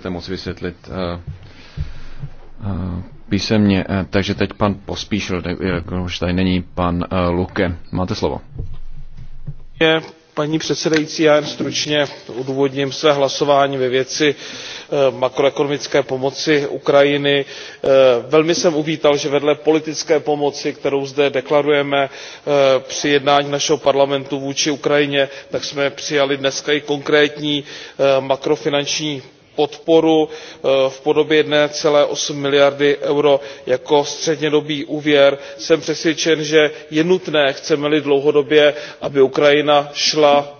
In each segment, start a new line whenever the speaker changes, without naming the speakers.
budete moci vysvětlit eh, eh, písemně. Eh, takže teď pan Pospíšil, už tady není pan Luke. Máte slovo. Je, paní předsedající, já jen stručně odůvodním své hlasování ve věci makroekonomické pomoci Ukrajiny. Velmi jsem uvítal, že vedle politické pomoci, kterou zde deklarujeme při jednání našeho parlamentu vůči Ukrajině, tak jsme přijali dneska i konkrétní makrofinanční podporu eh, v podobě one eight miliardy eur jako střednědobý úvěr. jsem přesvědčen že je nutné chceme li dlouhodobě aby ukrajina šla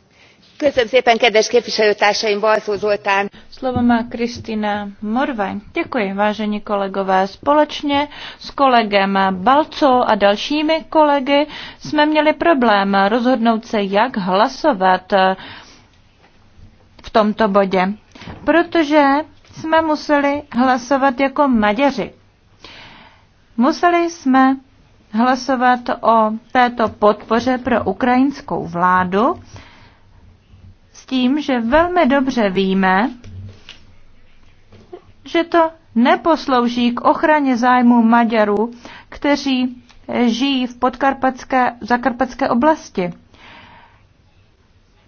Köszönöm szépen, Slovo má Kristina Morvaj. Děkuji, vážení kolegové. Společně s kolegem Balco a dalšími kolegy jsme měli problém rozhodnout se, jak hlasovat eh, v tomto bodě, protože jsme museli hlasovat jako Maďaři. Museli jsme hlasovat o této podpoře pro ukrajinskou vládu, s tím, že velmi dobře víme, že to neposlouží k ochraně zájmu Maďarů, kteří žijí v podkarpatské, zakarpatské oblasti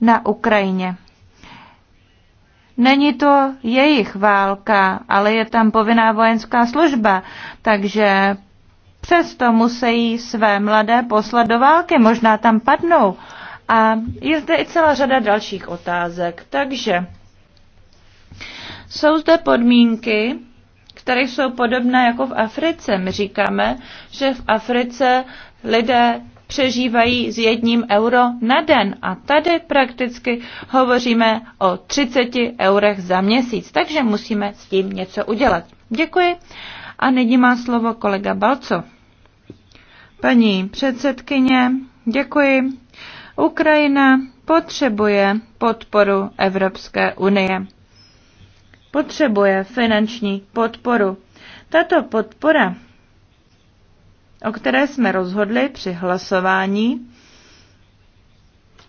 na Ukrajině. Není to jejich válka, ale je tam povinná vojenská služba, takže přesto musí své mladé poslat do války, možná tam padnou. A je zde i celá řada dalších otázek. Takže jsou zde podmínky, které jsou podobné jako v Africe. My říkáme, že v Africe lidé přežívají s jedním euro na den a tady prakticky hovoříme o 30 eurech za měsíc, takže musíme s tím něco udělat. Děkuji a nyní má slovo kolega Balco. Paní předsedkyně, děkuji. Ukrajina potřebuje podporu Evropské unie. Potřebuje finanční podporu. Tato podpora, o které jsme rozhodli při hlasování,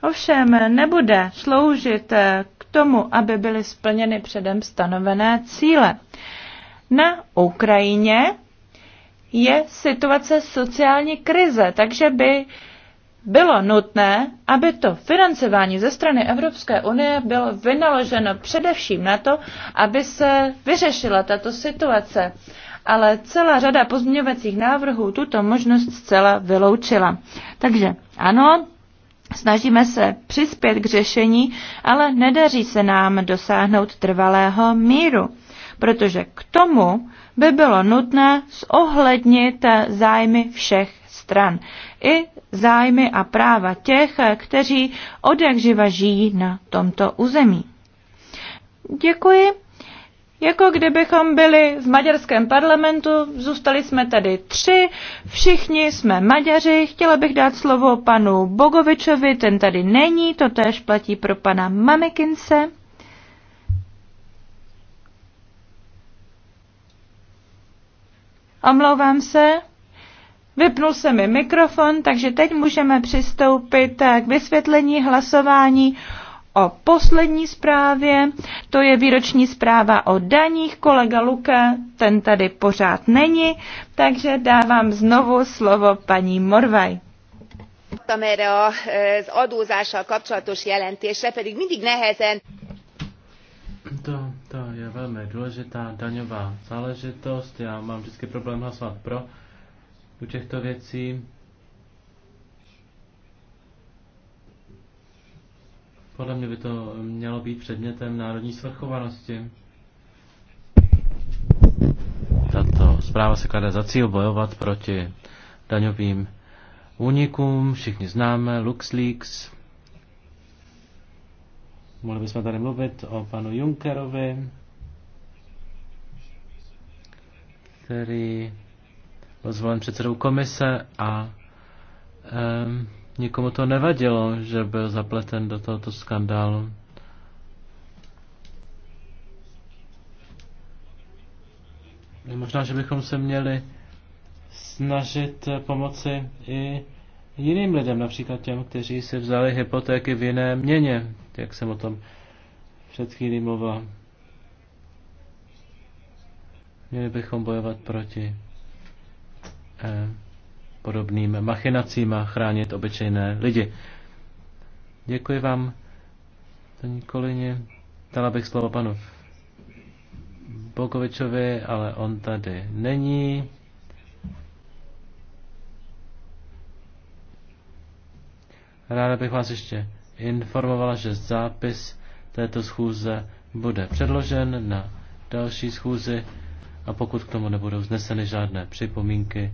ovšem nebude sloužit eh, k tomu, aby byly splněny předem stanovené cíle. Na Ukrajině je situace sociální krize, takže by bylo nutné, aby to financování ze strany Evropské unie bylo vynaloženo především na to, aby se vyřešila tato situace. Ale celá řada pozměňovacích návrhů tuto možnost zcela vyloučila. Takže ano, Snažíme se přispět k řešení, ale nedaří se nám dosáhnout trvalého míru, protože k tomu by bylo nutné zohlednit zájmy všech stran. I zájmy a práva těch, kteří od jak živa žijí na tomto území. Děkuji. Jako kdybychom byli v maďarském parlamentu, zůstali jsme tady tři, všichni jsme Maďaři, chtěla bych dát slovo panu Bogovičovi, ten tady není, to též platí pro pana Mamekince. Omlouvám se. Vypnul se mi mikrofon, takže teď můžeme přistoupit eh, k vysvětlení hlasování o poslední zprávě. To je výroční zpráva o daních. Kolega Luke, ten tady pořád není, takže dávám znovu slovo paní Morvaj. Eh, nehezen.
To, to je velmi důležitá daňová záležitost. Já mám vždycky problém hlasovat pro, u těchto věcí. Podle mě by to mělo být předmětem národní svrchovanosti. Tato zpráva se klade za cíl bojovat proti daňovým únikům. Všichni známe LuxLeaks. Mohli bychom tady mluvit o panu Junkerovi, který byl zvolen předsedou komise a um, nikomu to nevadilo, že byl zapleten do tohoto skandálu. Možná, že bychom se měli snažit pomoci i jiným lidem, například těm, kteří si vzali hypotéky v jiné měně, jak jsem o tom před chvílí mluvil. Měli bychom bojovat proti Eh, podobným machinacím a chránit obyčejné lidi. Děkuji vám, paní kolině. Dala bych slovo panu Bogovičovi, ale on tady není. Ráda bych vás ještě informovala, že zápis této schůze bude předložen na další schůzi a pokud k tomu nebudou vzneseny žádné připomínky,